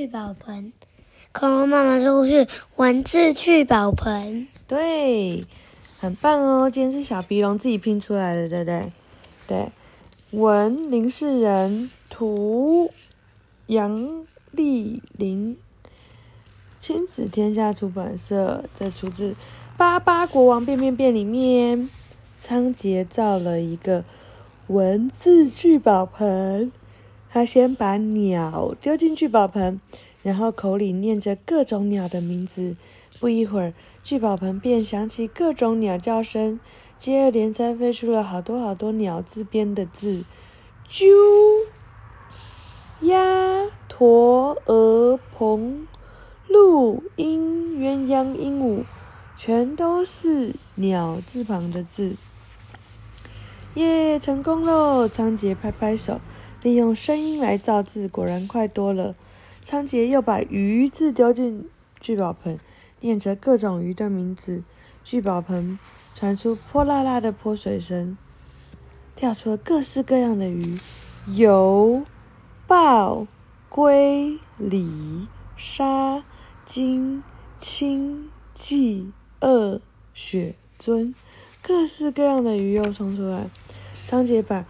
聚寶盆，恐龍媽媽說故是文字聚寶盆。對，很棒哦。今天是小鼻龍自己拼出來的，對不對？對，文林世仁圖楊麗玲，親子天下出版社在出自《巴巴國王變變變》裡面，倉頡造了一個文字聚寶盆。他先把鳥丟進聚寶盆，agen, 然後口裡念着各種鳥的名字。不一會兒，聚寶盆便響起各種鳥叫聲，接二連三飛出了好多好多鳥字邊的字：鳩、鴨、駝、鵝、鵬、鷺、鷹、鴛鴦、鸚鵡，全都是鳥字旁的字。耶，成功嘍！倉頡拍拍手。利用聲音來造字，果然快多了。倉頡又把“魚”字丟進聚寶盆，念着各種魚的名字，聚寶盆傳出潑辣辣的潑水聲，跳出了各式各樣的魚：游、鮑、鮭、鯉、鯊、鯨、青、鯽、鱷、雪尊。各式各樣的魚又衝出來，倉頡把。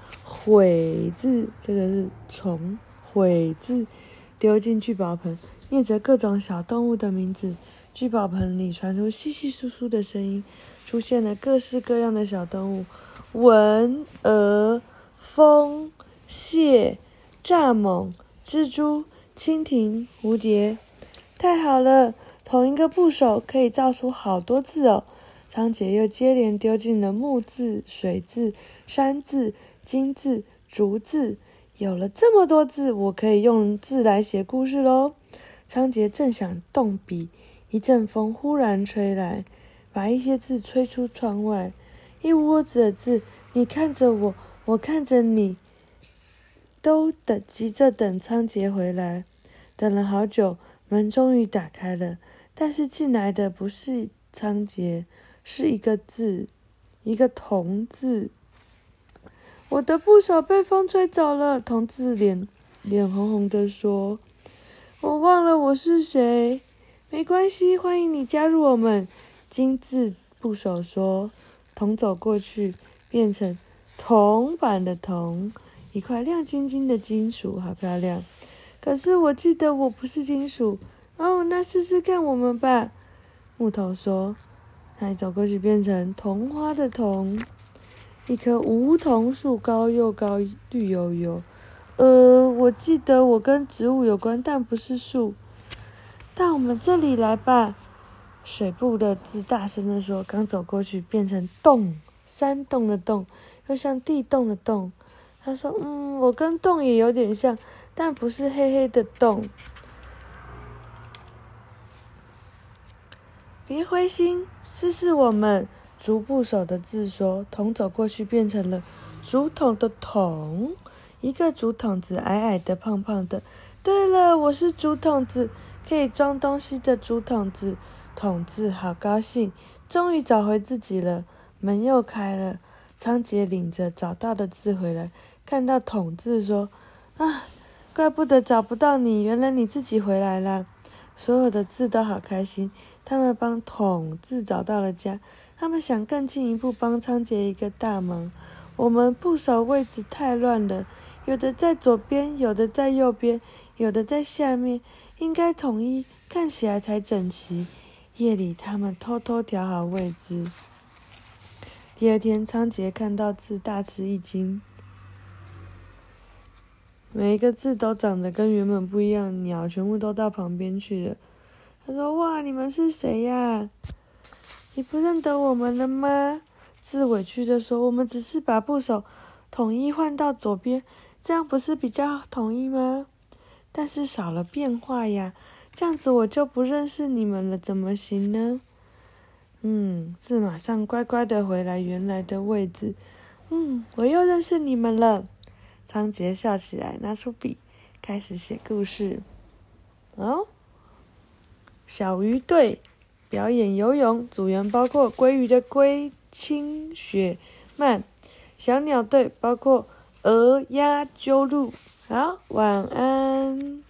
毀字，這個是蟲。毀字，丟進聚寶盆，念着各種小動物的名字，聚寶盆裡傳出窸窸窣窣的聲音，出現了各式各樣的小動物：蚊、蛾、蜂、蟹、蚱蜢、蜘蛛、蜻蜓、蝴蝶。太好了，同一個部首可以造出好多字哦。倉頡又接連丟進了木字、水字、山字、金字、竹字。有了這麼多字，我可以用字來寫故事嘍！倉頡正想動筆，一陣風忽然吹來，把一些字吹出窗外。一屋子的字，你看着我，我看着你，都等急着等倉頡回來。等了好久，門終於打開了，但是進來的不是倉頡。是一個字，一個同字。我的部首被風吹走了，同字臉臉紅紅的說：“我忘了我是誰。”沒關係，歡迎你加入我們。金字部首說：“同走過去，變成銅板的銅，一塊亮晶晶的金屬，好漂亮。”可是我記得我不是金屬。哦，那試試看我們吧。木頭說。那走過去，變成桐花的桐，一棵梧桐樹高又高，綠油油。呃，我記得我跟植物有關，但不是樹。到我們這裡來吧，水部的字大聲的說。剛走過去變成洞，山洞的洞，又像地洞的洞。他說：嗯，我跟洞也有點像，但不是黑黑的洞。別灰心。這是我們竹部首的字，說桶走過去變成了竹筒的筒，一個竹筒子，矮矮的，胖胖的。對了，我是竹筒子，可以裝東西的竹筒子。筒字好高興，終於找回自己了。門又開了，倉頡領着找到的字回來，看到筒字說：“啊，怪不得找不到你，原來你自己回來了。”所有的字都好開心，他們幫統字找到了家。他們想更進一步幫倉頡一個大忙。我們部首位置太亂了，有的在左邊，有的在右邊，有的在下面，應該統一，看起來才整齊。夜裡，他們偷偷調好位置。第二天，倉頡看到字，大吃一驚。每一個字都長得跟原本不一樣，鳥全部都到旁邊去了。他說：“哇，你們是誰呀？你不認得我們了嗎？”字委屈地說：“我們只是把部首統一換到左邊，這樣不是比較統一嗎？但是少了變化呀，這樣子我就不認識你們了，怎麼行呢？”嗯，字馬上乖乖的回來原來的位置。嗯，我又認識你們了。倉頡笑起來，拿出筆，開始寫故事。哦，小魚隊表演游泳，組員包括鮭魚的鮭、鯖、鱈、鰻；小鳥隊包括鵝、鴨、鳩、鷺。好，晚安。